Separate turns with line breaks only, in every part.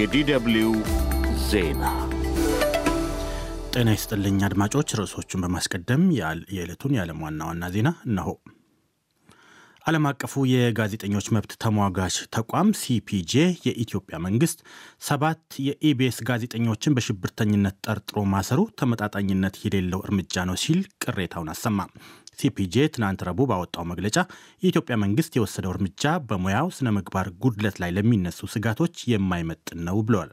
የዲደብሊው ዜና ጤና ይስጥልኝ አድማጮች። ርዕሶቹን በማስቀደም የዕለቱን የዓለም ዋና ዋና ዜና እነሆ። ዓለም አቀፉ የጋዜጠኞች መብት ተሟጋች ተቋም ሲፒጄ የኢትዮጵያ መንግስት ሰባት የኢቢኤስ ጋዜጠኞችን በሽብርተኝነት ጠርጥሮ ማሰሩ ተመጣጣኝነት የሌለው እርምጃ ነው ሲል ቅሬታውን አሰማ። ሲፒጄ ትናንት ረቡዕ ባወጣው መግለጫ የኢትዮጵያ መንግስት የወሰደው እርምጃ በሙያው ስነ ምግባር ጉድለት ላይ ለሚነሱ ስጋቶች የማይመጥን ነው ብለዋል።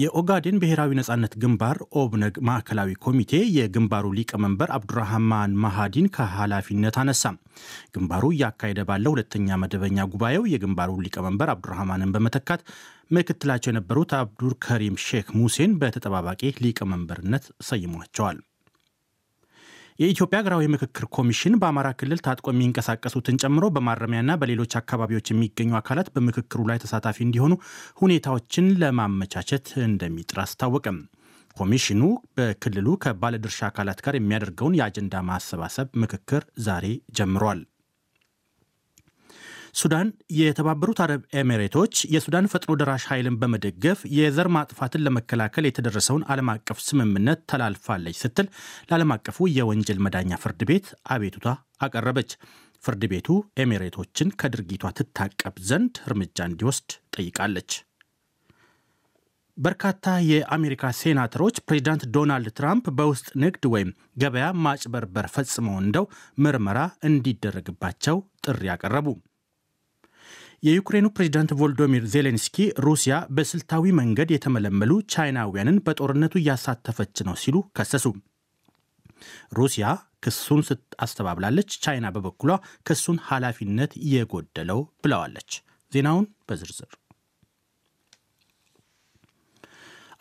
የኦጋዴን ብሔራዊ ነጻነት ግንባር ኦብነግ ማዕከላዊ ኮሚቴ የግንባሩ ሊቀመንበር አብዱራህማን ማሃዲን ከኃላፊነት አነሳ። ግንባሩ እያካሄደ ባለው ሁለተኛ መደበኛ ጉባኤው የግንባሩ ሊቀመንበር አብዱራህማንን በመተካት ምክትላቸው የነበሩት አብዱር ከሪም ሼክ ሙሴን በተጠባባቂ ሊቀመንበርነት ሰይሟቸዋል። የኢትዮጵያ ሀገራዊ ምክክር ኮሚሽን በአማራ ክልል ታጥቆ የሚንቀሳቀሱትን ጨምሮ በማረሚያና በሌሎች አካባቢዎች የሚገኙ አካላት በምክክሩ ላይ ተሳታፊ እንዲሆኑ ሁኔታዎችን ለማመቻቸት እንደሚጥር አስታወቀም። ኮሚሽኑ በክልሉ ከባለድርሻ አካላት ጋር የሚያደርገውን የአጀንዳ ማሰባሰብ ምክክር ዛሬ ጀምሯል። ሱዳን የተባበሩት አረብ ኤሚሬቶች የሱዳን ፈጥኖ ደራሽ ኃይልን በመደገፍ የዘር ማጥፋትን ለመከላከል የተደረሰውን ዓለም አቀፍ ስምምነት ተላልፋለች ስትል ለዓለም አቀፉ የወንጀል መዳኛ ፍርድ ቤት አቤቱታ አቀረበች። ፍርድ ቤቱ ኤሚሬቶችን ከድርጊቷ ትታቀብ ዘንድ እርምጃ እንዲወስድ ጠይቃለች። በርካታ የአሜሪካ ሴናተሮች ፕሬዚዳንት ዶናልድ ትራምፕ በውስጥ ንግድ ወይም ገበያ ማጭበርበር ፈጽመው እንደው ምርመራ እንዲደረግባቸው ጥሪ አቀረቡ። የዩክሬኑ ፕሬዚዳንት ቮልዶሚር ዜሌንስኪ ሩሲያ በስልታዊ መንገድ የተመለመሉ ቻይናውያንን በጦርነቱ እያሳተፈች ነው ሲሉ ከሰሱ። ሩሲያ ክሱን አስተባብላለች፣ ቻይና በበኩሏ ክሱን ኃላፊነት የጎደለው ብለዋለች። ዜናውን በዝርዝር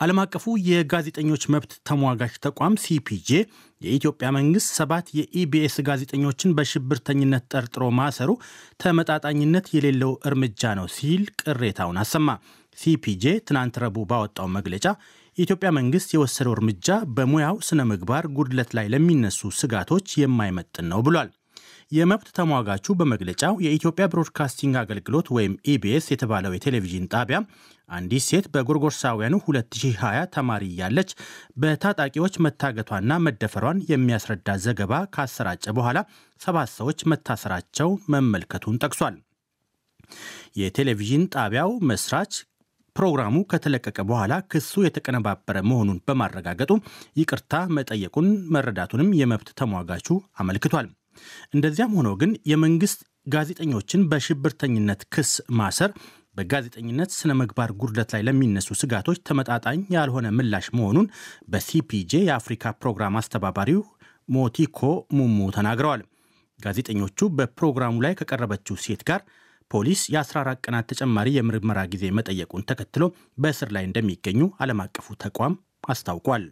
ዓለም አቀፉ የጋዜጠኞች መብት ተሟጋች ተቋም ሲፒጄ የኢትዮጵያ መንግስት ሰባት የኢቢኤስ ጋዜጠኞችን በሽብርተኝነት ጠርጥሮ ማሰሩ ተመጣጣኝነት የሌለው እርምጃ ነው ሲል ቅሬታውን አሰማ። ሲፒጄ ትናንት ረቡዕ ባወጣው መግለጫ የኢትዮጵያ መንግስት የወሰደው እርምጃ በሙያው ስነ ምግባር ጉድለት ላይ ለሚነሱ ስጋቶች የማይመጥን ነው ብሏል። የመብት ተሟጋቹ በመግለጫው የኢትዮጵያ ብሮድካስቲንግ አገልግሎት ወይም ኢቢኤስ የተባለው የቴሌቪዥን ጣቢያ አንዲት ሴት በጎርጎርሳውያኑ 2020 ተማሪ እያለች በታጣቂዎች መታገቷና መደፈሯን የሚያስረዳ ዘገባ ካሰራጨ በኋላ ሰባት ሰዎች መታሰራቸው መመልከቱን ጠቅሷል። የቴሌቪዥን ጣቢያው መስራች ፕሮግራሙ ከተለቀቀ በኋላ ክሱ የተቀነባበረ መሆኑን በማረጋገጡ ይቅርታ መጠየቁን መረዳቱንም የመብት ተሟጋቹ አመልክቷል። እንደዚያም ሆኖ ግን የመንግስት ጋዜጠኞችን በሽብርተኝነት ክስ ማሰር በጋዜጠኝነት ስነ ምግባር ጉድለት ላይ ለሚነሱ ስጋቶች ተመጣጣኝ ያልሆነ ምላሽ መሆኑን በሲፒጄ የአፍሪካ ፕሮግራም አስተባባሪው ሞቲኮ ሙሙ ተናግረዋል። ጋዜጠኞቹ በፕሮግራሙ ላይ ከቀረበችው ሴት ጋር ፖሊስ የ14 ቀናት ተጨማሪ የምርመራ ጊዜ መጠየቁን ተከትሎ በእስር ላይ እንደሚገኙ ዓለም አቀፉ ተቋም አስታውቋል።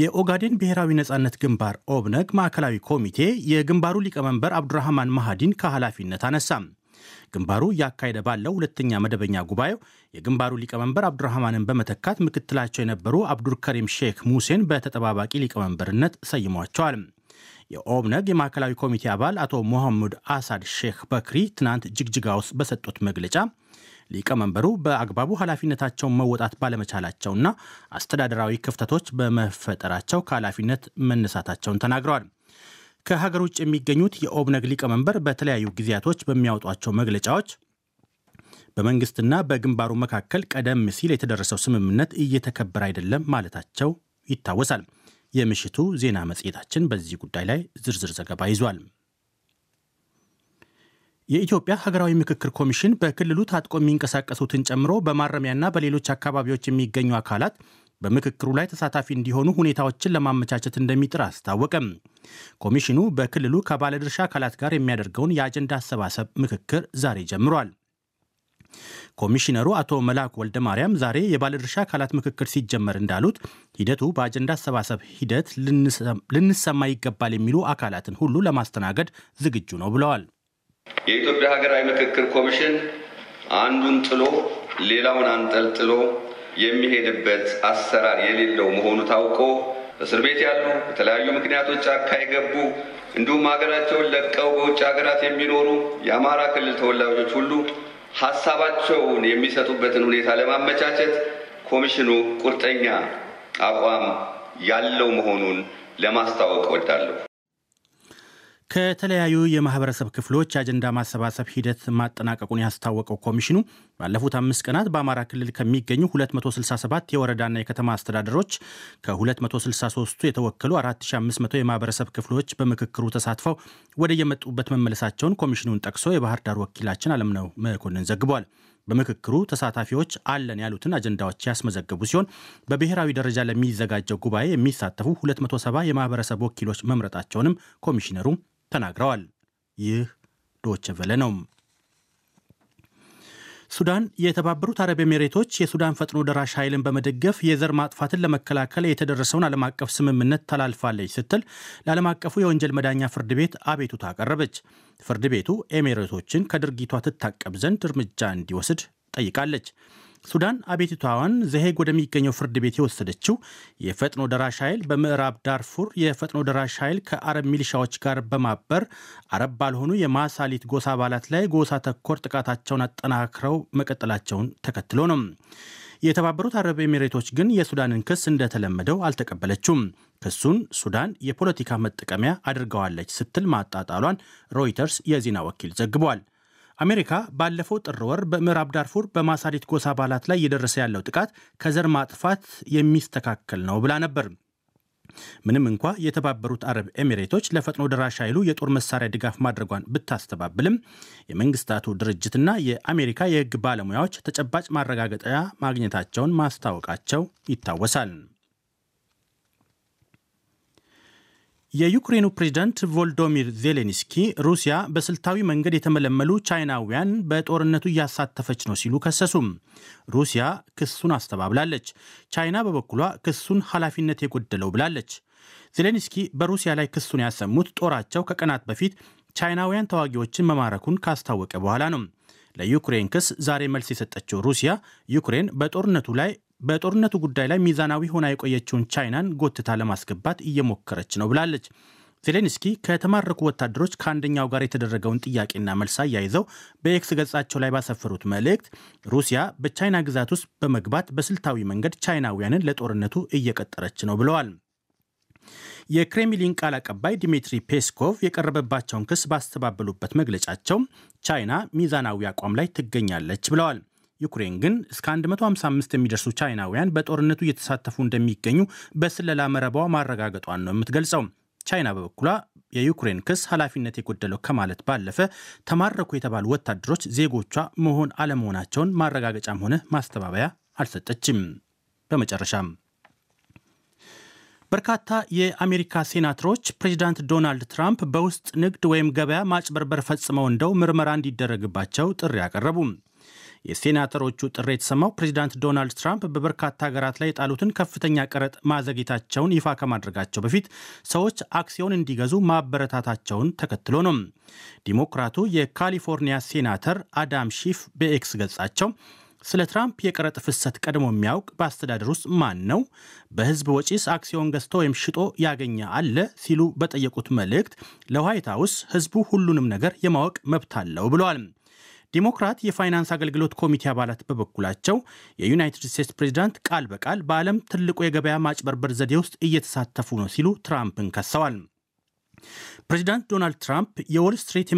የኦጋዴን ብሔራዊ ነጻነት ግንባር ኦብነግ ማዕከላዊ ኮሚቴ የግንባሩ ሊቀመንበር አብዱራህማን ማሃዲን ከኃላፊነት አነሳም። ግንባሩ እያካሄደ ባለው ሁለተኛ መደበኛ ጉባኤው የግንባሩ ሊቀመንበር አብዱራህማንን በመተካት ምክትላቸው የነበሩ አብዱልከሪም ሼክ ሙሴን በተጠባባቂ ሊቀመንበርነት ሰይሟቸዋል። የኦብነግ የማዕከላዊ ኮሚቴ አባል አቶ ሞሐሙድ አሳድ ሼክ በክሪ ትናንት ጅግጅጋ ውስጥ በሰጡት መግለጫ ሊቀመንበሩ በአግባቡ ኃላፊነታቸውን መወጣት ባለመቻላቸውና አስተዳደራዊ ክፍተቶች በመፈጠራቸው ከኃላፊነት መነሳታቸውን ተናግረዋል። ከሀገር ውጭ የሚገኙት የኦብነግ ሊቀመንበር በተለያዩ ጊዜያቶች በሚያወጧቸው መግለጫዎች በመንግስትና በግንባሩ መካከል ቀደም ሲል የተደረሰው ስምምነት እየተከበረ አይደለም ማለታቸው ይታወሳል። የምሽቱ ዜና መጽሔታችን በዚህ ጉዳይ ላይ ዝርዝር ዘገባ ይዟል። የኢትዮጵያ ሀገራዊ ምክክር ኮሚሽን በክልሉ ታጥቆ የሚንቀሳቀሱትን ጨምሮ በማረሚያና በሌሎች አካባቢዎች የሚገኙ አካላት በምክክሩ ላይ ተሳታፊ እንዲሆኑ ሁኔታዎችን ለማመቻቸት እንደሚጥር አስታወቀም። ኮሚሽኑ በክልሉ ከባለድርሻ አካላት ጋር የሚያደርገውን የአጀንዳ አሰባሰብ ምክክር ዛሬ ጀምሯል። ኮሚሽነሩ አቶ መላክ ወልደ ማርያም ዛሬ የባለድርሻ አካላት ምክክር ሲጀመር እንዳሉት ሂደቱ በአጀንዳ አሰባሰብ ሂደት ልንሰማ ይገባል የሚሉ አካላትን ሁሉ ለማስተናገድ ዝግጁ ነው ብለዋል። የኢትዮጵያ ሀገራዊ ምክክር ኮሚሽን አንዱን ጥሎ ሌላውን አንጠልጥሎ የሚሄድበት አሰራር የሌለው መሆኑ ታውቆ እስር ቤት ያሉ በተለያዩ ምክንያቶች ጫካ የገቡ እንዲሁም ሀገራቸውን ለቀው በውጭ ሀገራት የሚኖሩ የአማራ ክልል ተወላጆች ሁሉ ሀሳባቸውን የሚሰጡበትን ሁኔታ ለማመቻቸት ኮሚሽኑ ቁርጠኛ አቋም ያለው መሆኑን ለማስታወቅ እወዳለሁ። ከተለያዩ የማህበረሰብ ክፍሎች አጀንዳ ማሰባሰብ ሂደት ማጠናቀቁን ያስታወቀው ኮሚሽኑ ባለፉት አምስት ቀናት በአማራ ክልል ከሚገኙ 267 የወረዳና የከተማ አስተዳደሮች ከ263ቱ የተወከሉ 4500 የማህበረሰብ ክፍሎች በምክክሩ ተሳትፈው ወደ የመጡበት መመለሳቸውን ኮሚሽኑን ጠቅሶ የባህር ዳር ወኪላችን አለምነው መኮንን ዘግቧል። በምክክሩ ተሳታፊዎች አለን ያሉትን አጀንዳዎች ያስመዘገቡ ሲሆን በብሔራዊ ደረጃ ለሚዘጋጀው ጉባኤ የሚሳተፉ 270 የማህበረሰብ ወኪሎች መምረጣቸውንም ኮሚሽነሩ ተናግረዋል። ይህ ዶች ነው። ሱዳን የተባበሩት አረብ ኤሜሬቶች የሱዳን ፈጥኖ ደራሽ ኃይልን በመደገፍ የዘር ማጥፋትን ለመከላከል የተደረሰውን ዓለም አቀፍ ስምምነት ተላልፋለች ስትል ለዓለም አቀፉ የወንጀል መዳኛ ፍርድ ቤት አቤቱታ አቀረበች። ፍርድ ቤቱ ኤሜሬቶችን ከድርጊቷ ትታቀብ ዘንድ እርምጃ እንዲወስድ ጠይቃለች። ሱዳን አቤቱታዋን ዘሄግ ወደሚገኘው ፍርድ ቤት የወሰደችው የፈጥኖ ደራሽ ኃይል በምዕራብ ዳርፉር የፈጥኖ ደራሽ ኃይል ከአረብ ሚሊሻዎች ጋር በማበር አረብ ባልሆኑ የማሳሊት ጎሳ አባላት ላይ ጎሳ ተኮር ጥቃታቸውን አጠናክረው መቀጠላቸውን ተከትሎ ነው። የተባበሩት አረብ ኤሚሬቶች ግን የሱዳንን ክስ እንደተለመደው አልተቀበለችውም። ክሱን ሱዳን የፖለቲካ መጠቀሚያ አድርገዋለች ስትል ማጣጣሏን ሮይተርስ የዜና ወኪል ዘግቧል። አሜሪካ ባለፈው ጥር ወር በምዕራብ ዳርፉር በማሳሪት ጎሳ አባላት ላይ እየደረሰ ያለው ጥቃት ከዘር ማጥፋት የሚስተካከል ነው ብላ ነበር። ምንም እንኳ የተባበሩት አረብ ኤሚሬቶች ለፈጥኖ ደራሽ ኃይሉ የጦር መሳሪያ ድጋፍ ማድረጓን ብታስተባብልም የመንግስታቱ ድርጅትና የአሜሪካ የሕግ ባለሙያዎች ተጨባጭ ማረጋገጫ ማግኘታቸውን ማስታወቃቸው ይታወሳል። የዩክሬኑ ፕሬዝዳንት ቮልዶሚር ዜሌንስኪ ሩሲያ በስልታዊ መንገድ የተመለመሉ ቻይናውያን በጦርነቱ እያሳተፈች ነው ሲሉ ከሰሱም። ሩሲያ ክሱን አስተባብላለች። ቻይና በበኩሏ ክሱን ኃላፊነት የጎደለው ብላለች። ዜሌንስኪ በሩሲያ ላይ ክሱን ያሰሙት ጦራቸው ከቀናት በፊት ቻይናውያን ተዋጊዎችን መማረኩን ካስታወቀ በኋላ ነው። ለዩክሬን ክስ ዛሬ መልስ የሰጠችው ሩሲያ ዩክሬን በጦርነቱ ላይ በጦርነቱ ጉዳይ ላይ ሚዛናዊ ሆና የቆየችውን ቻይናን ጎትታ ለማስገባት እየሞከረች ነው ብላለች። ዜሌንስኪ ከተማረኩ ወታደሮች ከአንደኛው ጋር የተደረገውን ጥያቄና መልስ አያይዘው በኤክስ ገጻቸው ላይ ባሰፈሩት መልእክት ሩሲያ በቻይና ግዛት ውስጥ በመግባት በስልታዊ መንገድ ቻይናውያንን ለጦርነቱ እየቀጠረች ነው ብለዋል። የክሬምሊን ቃል አቀባይ ዲሚትሪ ፔስኮቭ የቀረበባቸውን ክስ ባስተባበሉበት መግለጫቸው ቻይና ሚዛናዊ አቋም ላይ ትገኛለች ብለዋል። ዩክሬን ግን እስከ 155 የሚደርሱ ቻይናውያን በጦርነቱ እየተሳተፉ እንደሚገኙ በስለላ መረቧ ማረጋገጧን ነው የምትገልጸው። ቻይና በበኩሏ የዩክሬን ክስ ኃላፊነት የጎደለው ከማለት ባለፈ ተማረኩ የተባሉ ወታደሮች ዜጎቿ መሆን አለመሆናቸውን ማረጋገጫም ሆነ ማስተባበያ አልሰጠችም። በመጨረሻም በርካታ የአሜሪካ ሴናተሮች ፕሬዚዳንት ዶናልድ ትራምፕ በውስጥ ንግድ ወይም ገበያ ማጭበርበር ፈጽመው እንደው ምርመራ እንዲደረግባቸው ጥሪ አቀረቡም። የሴናተሮቹ ጥሪ የተሰማው ፕሬዚዳንት ዶናልድ ትራምፕ በበርካታ ሀገራት ላይ የጣሉትን ከፍተኛ ቀረጥ ማዘግየታቸውን ይፋ ከማድረጋቸው በፊት ሰዎች አክሲዮን እንዲገዙ ማበረታታቸውን ተከትሎ ነው። ዲሞክራቱ የካሊፎርኒያ ሴናተር አዳም ሺፍ በኤክስ ገጻቸው ስለ ትራምፕ የቀረጥ ፍሰት ቀድሞ የሚያውቅ በአስተዳደር ውስጥ ማን ነው? በህዝብ ወጪስ አክሲዮን ገዝቶ ወይም ሽጦ ያገኘ አለ? ሲሉ በጠየቁት መልእክት ለዋይት ሀውስ ህዝቡ ሁሉንም ነገር የማወቅ መብት አለው ብለዋል። ዲሞክራት የፋይናንስ አገልግሎት ኮሚቴ አባላት በበኩላቸው የዩናይትድ ስቴትስ ፕሬዚዳንት ቃል በቃል በዓለም ትልቁ የገበያ ማጭበርበር ዘዴ ውስጥ እየተሳተፉ ነው ሲሉ ትራምፕን ከሰዋል። ፕሬዚዳንት ዶናልድ ትራምፕ የዎል ስትሪት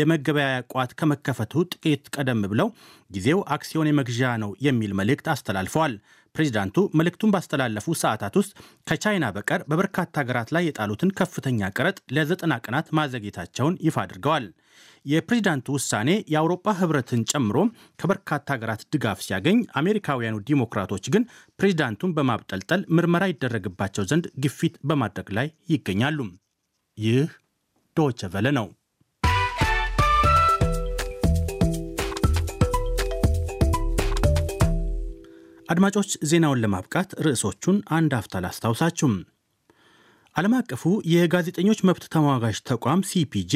የመገበያያ ቋት ከመከፈቱ ጥቂት ቀደም ብለው ጊዜው አክሲዮን የመግዣ ነው የሚል መልእክት አስተላልፈዋል። ፕሬዚዳንቱ መልእክቱን ባስተላለፉ ሰዓታት ውስጥ ከቻይና በቀር በበርካታ ሀገራት ላይ የጣሉትን ከፍተኛ ቀረጥ ለዘጠና ቀናት ማዘግየታቸውን ይፋ አድርገዋል። የፕሬዚዳንቱ ውሳኔ የአውሮፓ ህብረትን ጨምሮ ከበርካታ ሀገራት ድጋፍ ሲያገኝ፣ አሜሪካውያኑ ዲሞክራቶች ግን ፕሬዚዳንቱን በማብጠልጠል ምርመራ ይደረግባቸው ዘንድ ግፊት በማድረግ ላይ ይገኛሉ። ይህ ዶቸቨለ ነው። አድማጮች ዜናውን ለማብቃት ርዕሶቹን አንድ አፍታ ላስታውሳችሁም። ዓለም አቀፉ የጋዜጠኞች መብት ተሟጋች ተቋም ሲፒጄ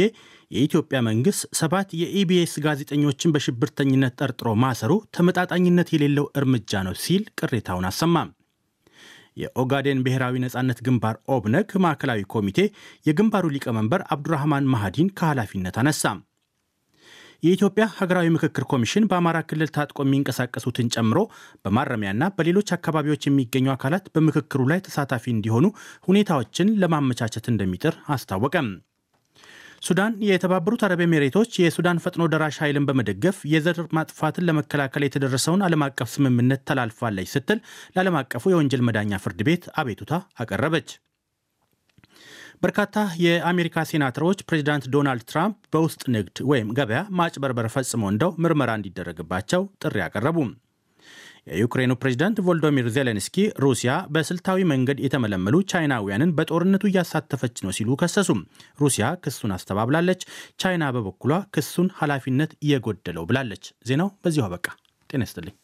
የኢትዮጵያ መንግሥት ሰባት የኢቢኤስ ጋዜጠኞችን በሽብርተኝነት ጠርጥሮ ማሰሩ ተመጣጣኝነት የሌለው እርምጃ ነው ሲል ቅሬታውን አሰማ። የኦጋዴን ብሔራዊ ነፃነት ግንባር ኦብነግ ማዕከላዊ ኮሚቴ የግንባሩ ሊቀመንበር አብዱራህማን ማሃዲን ከኃላፊነት አነሳም። የኢትዮጵያ ሀገራዊ ምክክር ኮሚሽን በአማራ ክልል ታጥቆ የሚንቀሳቀሱትን ጨምሮ በማረሚያና በሌሎች አካባቢዎች የሚገኙ አካላት በምክክሩ ላይ ተሳታፊ እንዲሆኑ ሁኔታዎችን ለማመቻቸት እንደሚጥር አስታወቀም። ሱዳን የተባበሩት አረብ ኤሚሬቶች የሱዳን ፈጥኖ ደራሽ ኃይልን በመደገፍ የዘር ማጥፋትን ለመከላከል የተደረሰውን ዓለም አቀፍ ስምምነት ተላልፋለች ስትል ለዓለም አቀፉ የወንጀል መዳኛ ፍርድ ቤት አቤቱታ አቀረበች። በርካታ የአሜሪካ ሴናተሮች ፕሬዚዳንት ዶናልድ ትራምፕ በውስጥ ንግድ ወይም ገበያ ማጭበርበር ፈጽሞ እንደው ምርመራ እንዲደረግባቸው ጥሪ አቀረቡ። የዩክሬኑ ፕሬዚዳንት ቮልዶሚር ዜሌንስኪ ሩሲያ በስልታዊ መንገድ የተመለመሉ ቻይናውያንን በጦርነቱ እያሳተፈች ነው ሲሉ ከሰሱ። ሩሲያ ክሱን አስተባብላለች። ቻይና በበኩሏ ክሱን ኃላፊነት እየጎደለው ብላለች። ዜናው በዚሁ አበቃ። ጤና ይስጥልኝ።